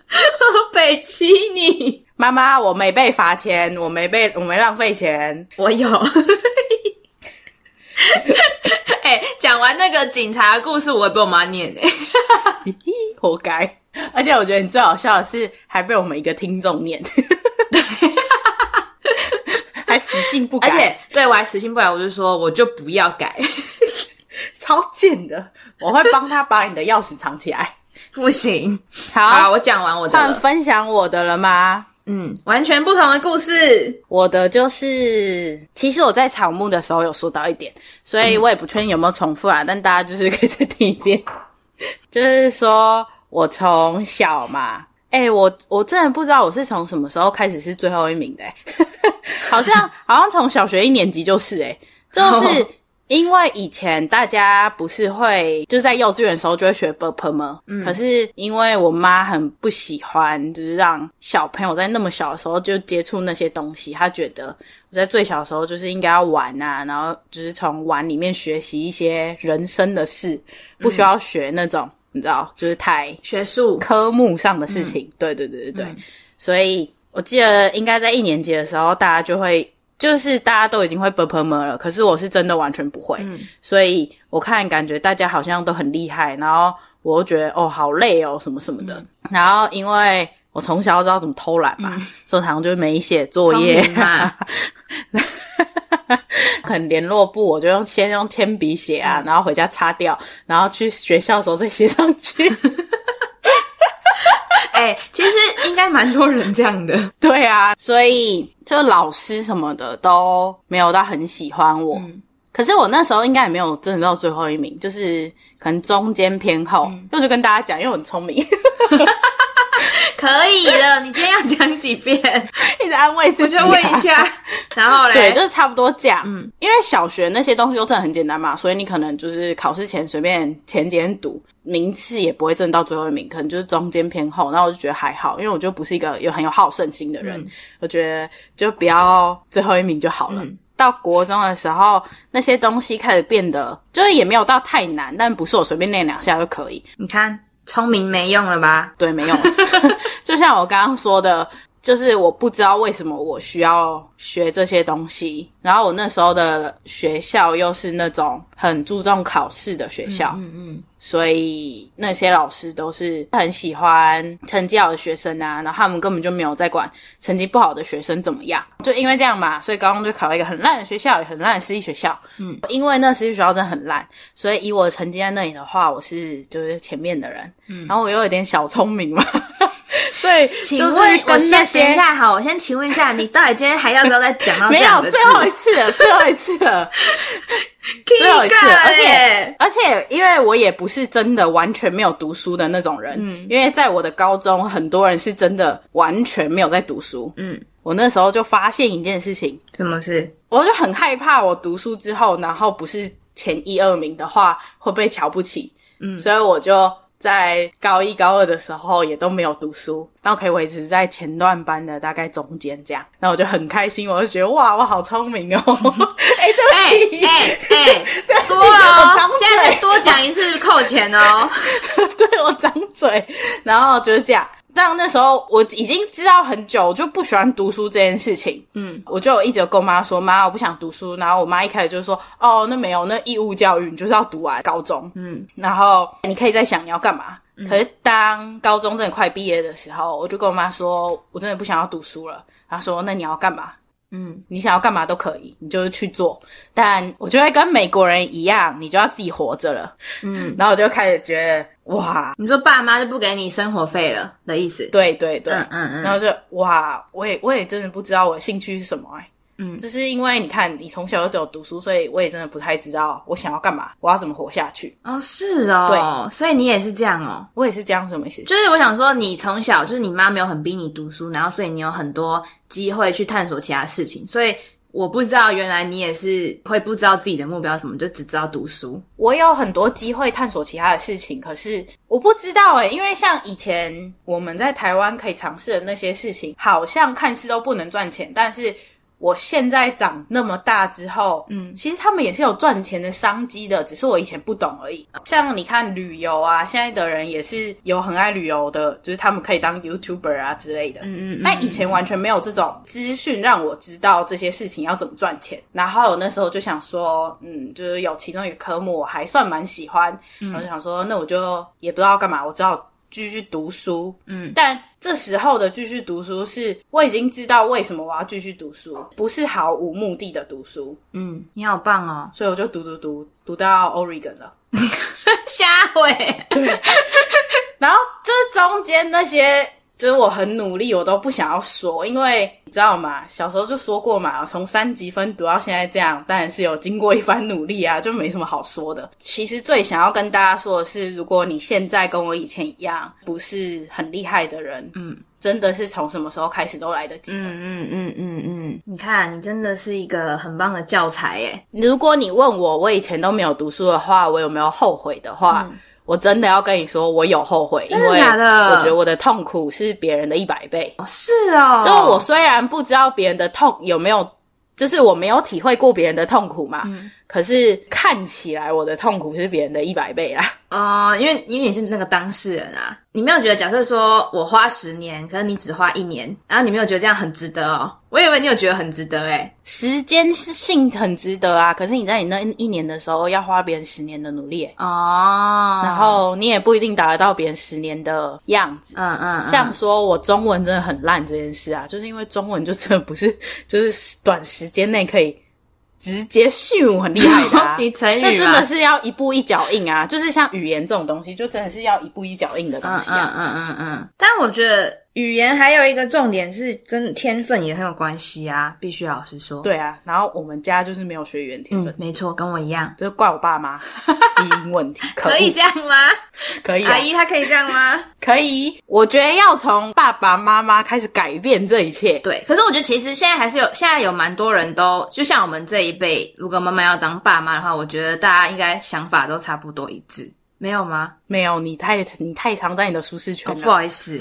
北七，你媽媽我沒被罰錢，我沒被我沒浪費錢，我有。哎、 [LAUGHS] 欸，講完那個警察的故事，我也被我媽念呢、欸， [LAUGHS] 活該。而且我覺得你最好笑的是，還被我們一個聽眾念，對， [LAUGHS] 還死性不改。而且對我還死性不改，我就說我就不要改， [LAUGHS] 超賤的。 [LAUGHS] 我會幫他把你的鑰匙藏起來，不行。好，好，我講完我的，他們分享我的了嗎？嗯，完全不同的故事。我的就是，其實我在草木的時候有說到一點，所以我也不確定有沒有重複啊。嗯，但大家就是可以再聽一遍，就是說。我從小嘛，哎、欸，我我真的不知道我是從什麼時候開始是最後一名的，欸 [LAUGHS] 好，好像好像從小學一年級就是，欸，哎，就是因為以前大家不是會就是在幼稚園的時候就會學 ㄅㄆㄇ 嗎？嗯、可是因為我媽很不喜歡，就是讓小朋友在那麼小的時候就接觸那些東西，她覺得我在最小的時候就是應該要玩啊，然後就是從玩裡面學習一些人生的事，不需要學那種。嗯你知道，就是台學術科目上的事情，嗯、對對對對對。嗯、所以，我記得應該在一年級的時候，大家就會，就是大家都已經會背背默了。可是我是真的完全不會，嗯、所以我看感覺大家好像都很厲害，然後我又覺得哦，好累哦，什麼什麼的。嗯、然後，因為我從小就知道怎麼偷懶嘛，嗯、所以好像就沒寫作業。 [LAUGHS] 可能聯絡簿，我就用先用鉛筆寫啊，嗯、然後回家擦掉，然後去學校的時候再寫上去。哎、 [LAUGHS] 欸，其實應該蠻多人這樣的，對啊，所以就老師什麼的都沒有到很喜歡我。嗯、可是我那時候應該也沒有爭到最後一名，就是可能中間偏後。我、嗯、就跟大家講，因為我很聰明。 [LAUGHS] 可以了，你今天要講幾遍？一直 [LAUGHS] 安慰自己、啊。我就問一下， [LAUGHS] 然後咧，對，就是差不多這樣。嗯，因為小學那些東西都真的很簡單嘛，所以你可能就是考試前隨便前幾天讀，名次也不會爭到最後一名，可能就是中間偏後。然後我就覺得還好，因為我就不是一個有很有好勝心的人，嗯、我覺得就不要最後一名就好了。嗯、到國中的時候，那些東西開始變得就是也沒有到太難，但不是我隨便念兩下就可以。你看。聰明沒用了吧？對，沒用了。 [LAUGHS] 就像我剛剛說的，就是我不知道為什麼我需要學這些東西。然後我那時候的學校又是那種很注重考試的學校。嗯嗯。嗯嗯。所以那些老師都是很喜歡成績好的學生啊，然後他們根本就沒有在管成績不好的學生怎麼樣。就因為這樣嘛，所以高中就考了一個很爛的學校，也很爛的私立學校。嗯，因為那私立學校真的很爛，所以以我成績在那裡的話，我是就是前面的人。嗯，然後我又有點小聰明嘛。 [LAUGHS] 所以，對請問，我先停一下，好，我先請問一下，你到底今天還要不要再講到這樣的字？ [LAUGHS] 沒有，最後一次了，最後一次了，最後一次。而且，而且，因為我也不是真的完全沒有讀書的那種人，嗯，因為在我的高中，很多人是真的完全沒有在讀書，嗯，我那時候就發現一件事情，什麼事？我就很害怕，我讀書之後，然後不是前一二名的話，會被瞧不起，嗯，所以我就。在高一、高二的時候也都沒有讀書，然後可以維持在前段班的大概中間這樣，那我就很開心，我就覺得哇，我好聰明哦！哎，對不起，哎哎，多咯，現在再多講一次扣錢哦！ [LAUGHS] 對我掌嘴，然後就是這樣。但那時候我已經知道很久，我就不喜歡讀書這件事情。嗯，我就有一直有跟我媽說：“媽，我不想讀書。”然後我媽一開始就說：“哦，那沒有，那義務教育你就是要讀完高中，嗯，然後你可以再想你要幹嘛。”可是當高中真的快畢業的時候，嗯，我就跟我媽說：“我真的不想要讀書了。”她說：“那你要幹嘛？嗯，你想要幹嘛都可以，你就是去做。但我覺得跟美國人一樣，你就要自己活着了。”嗯，然後我就開始覺得。哇，你說爸媽就不給你生活費了的意思？對對對，嗯嗯嗯，然後就哇，我也我也真的不知道我的興趣是什麼哎、欸，嗯，只是因為你看你從小就只有讀書，所以我也真的不太知道我想要幹嘛，我要怎麼活下去？哦，是哦，對，所以你也是這樣哦，我也是這樣是什麼意思？就是我想說，你從小就是你媽沒有很逼你讀書，然後所以你有很多機會去探索其他事情，所以。我不知道，原來你也是會不知道自己的目標什麼，就只知道讀書。我有很多機會探索其他的事情，可是我不知道誒，因為像以前我們在台灣可以嘗試的那些事情，好像看似都不能賺錢，但是。我現在長那麼大之後，嗯，其實他們也是有賺錢的商機的，只是我以前不懂而已。像你看旅遊啊，現在的人也是有很愛旅遊的，就是他們可以當 YouTuber 啊之類的。嗯嗯。那、嗯、以前完全沒有這種資訊讓我知道這些事情要怎麼賺錢，嗯、然後那時候就想說，嗯，就是有其中一個科目我還算蠻喜歡，我、嗯、就想說，那我就也不知道要幹嘛，我知道。繼續讀書，嗯，但這時候的繼續讀書是，我已經知道為什麼我要繼續讀書，不是毫無目的的讀書，嗯，你好棒哦，所以我就讀讀讀讀到 Oregon 了， [LAUGHS] 瞎毀， [LAUGHS] 然後這中間那些。其實我很努力，我都不想要說，因為你知道嗎？小時候就說過嘛，從三級分讀到現在這樣，當然是有經過一番努力啊，就沒什麼好說的。其實最想要跟大家說的是，如果你現在跟我以前一樣，不是很厲害的人，嗯，真的是從什麼時候開始都來得及嗯。嗯嗯嗯嗯嗯，嗯嗯你看、啊，你真的是一個很棒的教材耶、欸。如果你問我，我以前都沒有讀書的話，我有沒有後悔的話？嗯我真的要跟你說，我有後悔。真的假的？因為我覺得我的痛苦是別人的一百倍。哦，是哦，就是我雖然不知道別人的痛有沒有，就是我沒有體會過別人的痛苦嘛。嗯可是看起來我的痛苦是別人的一百倍啦！Uh, 因為因為你是那個當事人啊，你沒有覺得？假設說我花十年，可是你只花一年，然後你沒有覺得這樣很值得哦？我以為你有覺得很值得哎、欸，時間是性很值得啊！可是你在你那一年的時候要花別人十年的努力哦、欸，oh. 然後你也不一定達得到別人十年的樣子。嗯嗯，像說我中文真的很爛這件事啊，就是因為中文就真的不是，就是短時間內可以。直接訓我很厲害的、啊， [LAUGHS] 那真的是要一步一腳印啊！就是像語言這種東西，就真的是要一步一腳印的東西啊。嗯嗯嗯嗯，嗯嗯嗯嗯，但我覺得。語言還有一個重點是跟天分也很有關係啊，必須老實說。對啊，然後我們家就是沒有學語言天分，嗯、沒錯，跟我一樣，就是怪我爸媽基因問題。 [LAUGHS] 可，惡可以這樣嗎？可以、啊。阿姨她可以這樣嗎？可以。我覺得要從爸爸媽媽開始改變這一切。對，可是我覺得其實現在還是有，現在有蠻多人都，就像我們這一輩，如果媽媽要當爸媽的話，我覺得大家應該想法都差不多一致。沒有嗎？沒有，你太你太常在你的舒適圈了。哦，不好意思，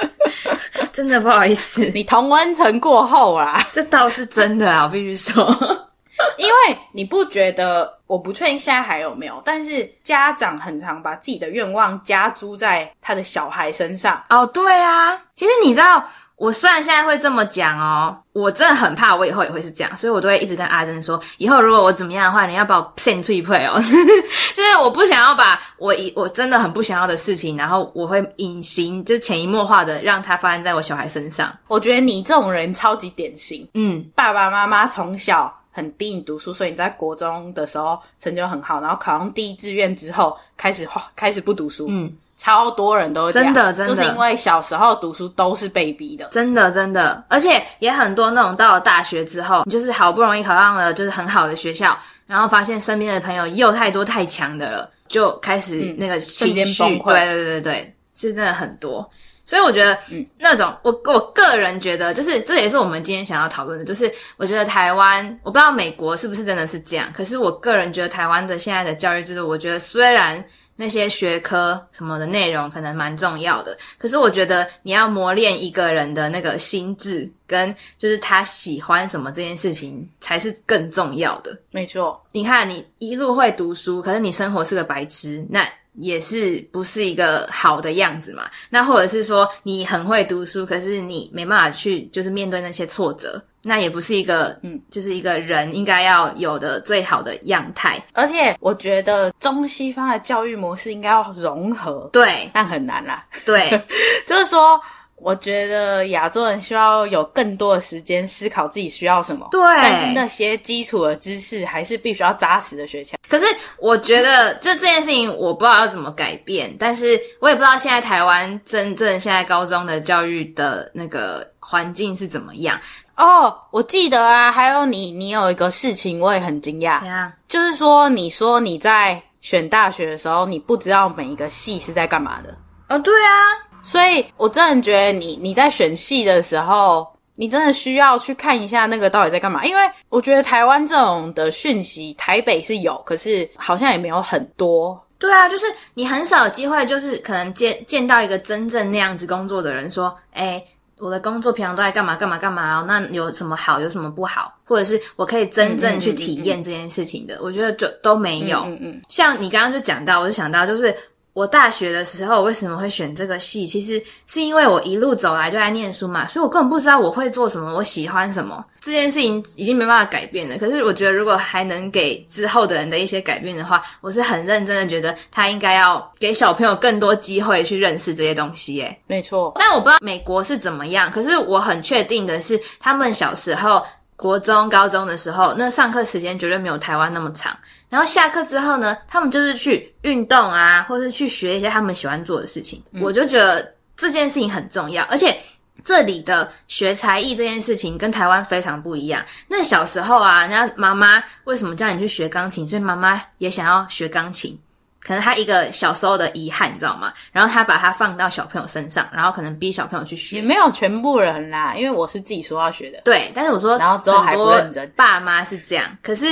[LAUGHS] 真的不好意思，你同溫層過後啊，這倒,啊這倒是真的啊，我必須說， [LAUGHS] 因為你不覺得？我不確定現在還有沒有，但是家長很常把自己的願望加諸在他的小孩身上。哦，對啊，其實你知道。我雖然現在會這麼講哦，我真的很怕，我以後也會是這樣，所以我都會一直跟阿珍說，以後如果我怎麼樣的話，你要把我先退培哦， [LAUGHS] 就是我不想要把我，我真的很不想要的事情，然後我會隱形，就是潛移默化的讓它發生在我小孩身上。我覺得你這種人超級典型，嗯，爸爸媽媽從小很逼你讀書，所以你在國中的時候成績很好，然後考上第一志願之後，開始開始不讀書，嗯。超多人都這樣真的，真的就是因為小時候讀書都是被逼的，真的真的，而且也很多那種到了大學之後，就是好不容易考上了就是很好的學校，然後發現身邊的朋友又太多太強的了，就開始那個瞬間，嗯、崩潰，對對對對對，是真的很多。所以我覺得，嗯，那種我我個人覺得，就是這也是我們今天想要討論的，就是我覺得台灣，我不知道美國是不是真的是這樣，可是我個人覺得台灣的現在的教育制度，我覺得雖然。那些學科什麼的內容可能蠻重要的，可是我覺得你要磨練一個人的那個心智，跟就是他喜歡什麼這件事情才是更重要的。沒錯，你看你一路會讀書，可是你生活是個白痴，那。也是不是一個好的樣子嘛？那或者是說你很會讀書，可是你沒辦法去就是面對那些挫折，那也不是一個嗯，就是一個人應該要有的最好的樣態。而且我覺得中西方的教育模式應該要融合，對，但很難啦。對， [LAUGHS] 就是說。我覺得亞洲人需要有更多的時間思考自己需要什麼。對，但是那些基礎的知識還是必須要扎實的學起來。可是我覺得，就這件事情，我不知道要怎麼改變，但是我也不知道現在台灣真正現在高中的教育的那個環境是怎麼樣。哦，我記得啊，還有你，你有一個事情我也很驚訝。驚訝、啊。就是說，你說你在選大學的時候，你不知道每一個系是在幹嘛的。哦，對啊。所以，我真的覺得你你在選戲的時候，你真的需要去看一下那個到底在幹嘛。因為我覺得台灣這種的訊息，台北是有，可是好像也沒有很多。對啊，就是你很少有機會，就是可能見見到一個真正那樣子工作的人，說，哎、欸，我的工作平常都在幹嘛幹嘛幹嘛哦、喔，那有什麼好，有什麼不好，或者是我可以真正去體驗這件事情的。嗯嗯嗯。我覺得就都沒有。嗯，嗯嗯。像你剛剛就講到，我就想到就是。我大學的時候為什麼會選這個系？其實是因為我一路走來就在念書嘛，所以我根本不知道我會做什麼，我喜歡什麼。這件事情已經沒辦法改變了。可是我覺得，如果還能給之後的人的一些改變的話，我是很認真的，覺得他應該要給小朋友更多機會去認識這些東西耶。哎，沒錯。但我不知道美國是怎麼樣，可是我很確定的是，他們小時候、國中、高中的時候，那上課時間絕對沒有台灣那麼長。然後下課之後呢，他們就是去運動啊，或者是去學一些他們喜歡做的事情。嗯，我就覺得這件事情很重要，而且這裡的學才藝這件事情跟台灣非常不一樣。那小時候啊，人家媽媽為什麼叫你去學鋼琴？所以媽媽也想要學鋼琴，可能她一個小時候的遺憾，你知道嗎？然後她把它放到小朋友身上，然後可能逼小朋友去學。也沒有全部人啦，因為我是自己說要學的。對，但是我說，然後之後還不認真。爸媽是這樣，可是。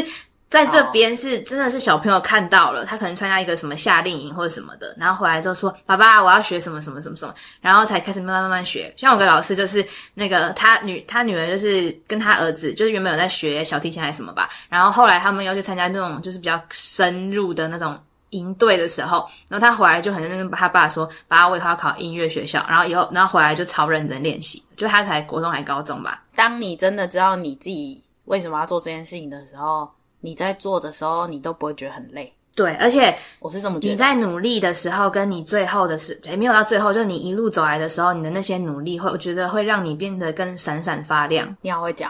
在這邊是、oh. 真的是小朋友看到了，他可能參加一個什麼夏令營或者什麼的，然後回來之後說：“爸爸，我要學什麼什麼什麼什麼。”然後才開始慢慢慢慢學。像我的老師就是那個他女他女兒就是跟他兒子就是原本有在學小提琴還是什麼吧，然後後來他們要去參加那種就是比較深入的那種營隊的時候，然後他回來就很認真跟他爸說：“爸爸，我以後要考音樂學校。”然後以後，然後回來就超認真練習。就他才國中還高中吧。當你真的知道你自己為什麼要做這件事情的時候。你在做的時候，你都不會覺得很累。對，而且我是這麼覺得。你在努力的時候，跟你最後的是誒、欸、沒有到最後，就是你一路走來的時候，你的那些努力會，我覺得會讓你變得更閃閃發亮。你好會講，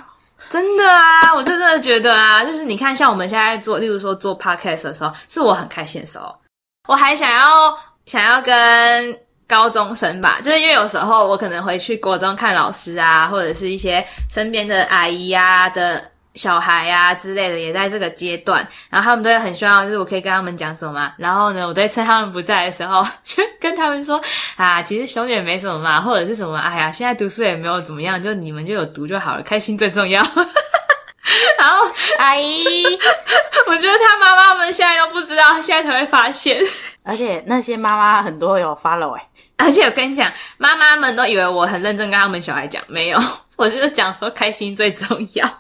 真的啊，我就真的覺得啊，就是你看，像我們現在做，例如說做 podcast 的時候，是我很開心的時候。我還想要想要跟高中生吧，就是因為有時候我可能回去國中看老師啊，或者是一些身邊的阿姨啊的。小孩呀、啊、之類的也在這個階段，然後他們都會很希望，就是我可以跟他們講什麼。然後呢，我都會趁他們不在的時候，就跟他們說啊，其實雄女也沒什麼嘛，或者是什麼，哎呀，現在讀書也沒有怎麼樣，就你們就有讀就好了，開心最重要。 [LAUGHS] 然後阿姨，哎、 [LAUGHS] 我覺得他媽媽們現在都不知道，現在才會發現。而且那些媽媽很多有 follow 哎、欸。而且我跟你講，媽媽們都以為我很認真跟他們小孩講，沒有，我就是講說開心最重要。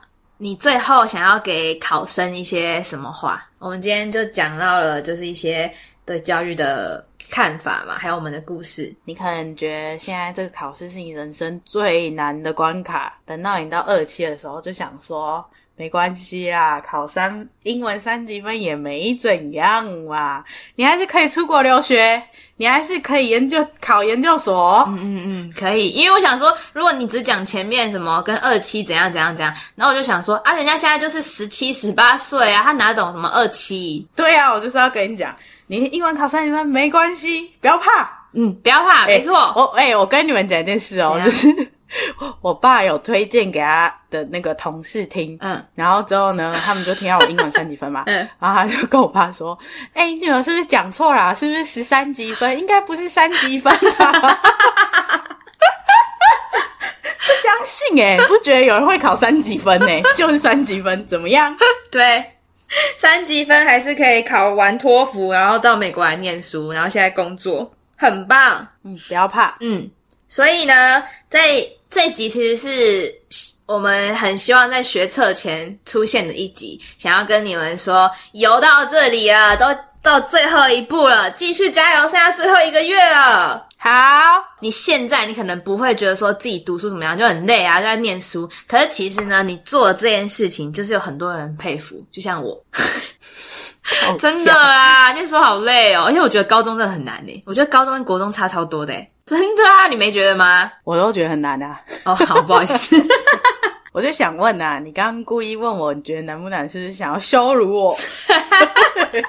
你最後想要給考生一些什麼話？我們今天就講到了，就是一些對教育的看法嘛，還有我們的故事。你可能覺得現在這個考試是你人生最難的關卡，等到你到二期的時候，就想說。沒關係啦，考三英文三級分也沒怎樣嘛，你還是可以出國留學，你還是可以研究考研究所，哦。嗯嗯嗯，可以，因為我想說，如果你只講前面什麼跟二期，怎樣怎樣怎樣，然後我就想說啊，人家現在就是十七、十八歲啊，他哪懂什麼二期。對啊，我就是要跟你講，你英文考三級分沒關係，不要怕，嗯，不要怕，沒錯、欸。我哎、欸，我跟你們講一件事哦，樣我就是。 [LAUGHS] 我爸有推薦給他的那個同事聽，嗯，然後之後呢，他們就聽到我英文三級分嘛，嗯，然後他就跟我爸說：“哎、 [LAUGHS] 欸，你有是不是講錯了、啊？是不是十三級分？應該不是三級分吧？” [LAUGHS] [LAUGHS] 不相信哎、欸，不覺得有人會考三級分呢、欸？ [LAUGHS] 就是三級分，怎麼樣？對，三級分還是可以考完托福，然後到美國來念書，然後現在工作，很棒。嗯，不要怕。嗯，所以呢，在這集其實是我們很希望在學測前出現的一集，想要跟你們說，游到這裡啊，都到最後一步了，繼續加油，剩下最後一個月了。好，你現在你可能不會覺得說自己讀書怎麼樣，就很累啊，就在念書。可是其實呢，你做這件事情，就是有很多人佩服，就像我， [LAUGHS] 真的啊，小念書好累哦。而且我覺得高中真的很難耶，我覺得高中跟國中差超多的。真的啊，你沒覺得嗎？我都覺得很難啊哦，oh，好，不好意思。 [LAUGHS] 我就想問啊。你剛剛故意問我你覺得難不難，是不是想要羞辱我？ [LAUGHS] [LAUGHS] 沒有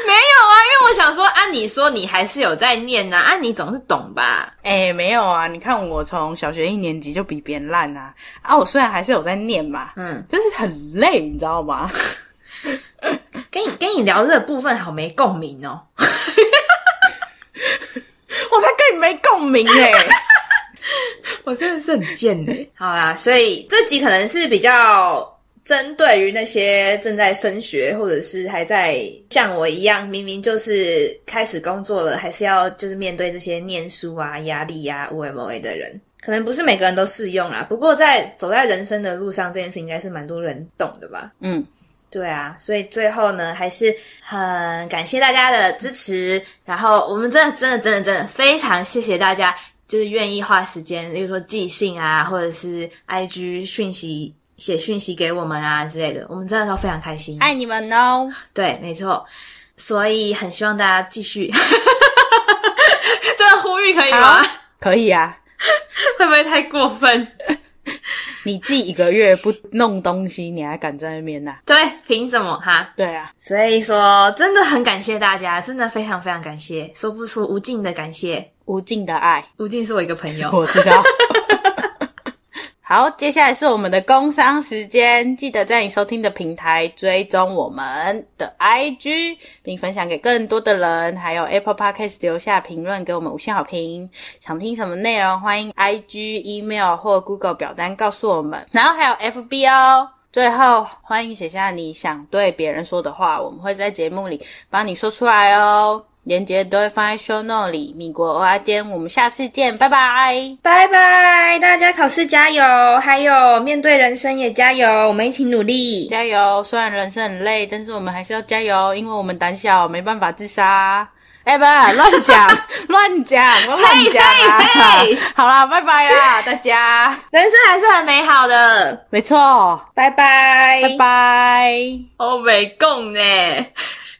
啊，因為我想說，按、啊、理說你還是有在念啊。按、啊、理總是懂吧？哎、欸，沒有啊，你看我從小學一年級就比別人爛啊。啊，我雖然還是有在念嘛，嗯，就是很累，你知道嗎？ [LAUGHS] 跟你跟你聊這個部分好沒共鳴哦。 [LAUGHS] [LAUGHS] 我才跟你沒共鳴哎！ [LAUGHS] 我真的是很賤呢。 [LAUGHS] 好啦，所以這集可能是比較針對於那些正在升學或者是還在像我一樣，明明就是開始工作了，還是要就是面對這些念書啊、壓力呀、啊、烏 M O A 的人，可能不是每個人都適用啦。不過在走在人生的路上，這件事應該是蠻多人懂的吧？嗯。對啊，所以最後呢，還是很感謝大家的支持。然後我們真的、真的、真的、真的非常謝謝大家，就是願意花時間，比如說寄信啊，或者是 IG 訊息寫訊息給我們啊之類的，我們真的都非常開心，愛你們哦！對，沒錯，所以很希望大家繼續， [LAUGHS] 真的呼籲可以嗎？啊、可以啊，會不會太過分？ [LAUGHS] 你自己一個月不弄東西，你還敢在那面邊啊？對，憑什麼哈？對啊，所以說真的很感謝大家，真的非常非常感謝，說不出無盡的感謝，無盡的愛。無盡是我一個朋友，我知道。 [LAUGHS] 好，接下來是我們的工商時間。記得在你收聽的平台追蹤我們的 IG，並分享給更多的人，還有 Apple Podcast 留下評論給我們五星好評。想聽什麼內容，歡迎 IG、e、Email 或 Google 表單告訴我們。然後還有 FB 哦。最後，歡迎寫下你想對別人說的話，我們會在節目裡幫你說出來哦。連結都會放在 show note 裡。米國 Oregon，我們下次見，拜拜。拜拜，大家考試加油，還有面對人生也加油，我們一起努力，加油。雖然人生很累，但是我們還是要加油，因為我們膽小沒辦法自殺。哎爸、 [LAUGHS] 欸，亂講，亂講， [LAUGHS] 我亂講。好啦，拜拜啦， [LAUGHS] 大家。人生還是很美好的。沒錯錯，拜拜 bye，拜拜 bye。我沒共呢。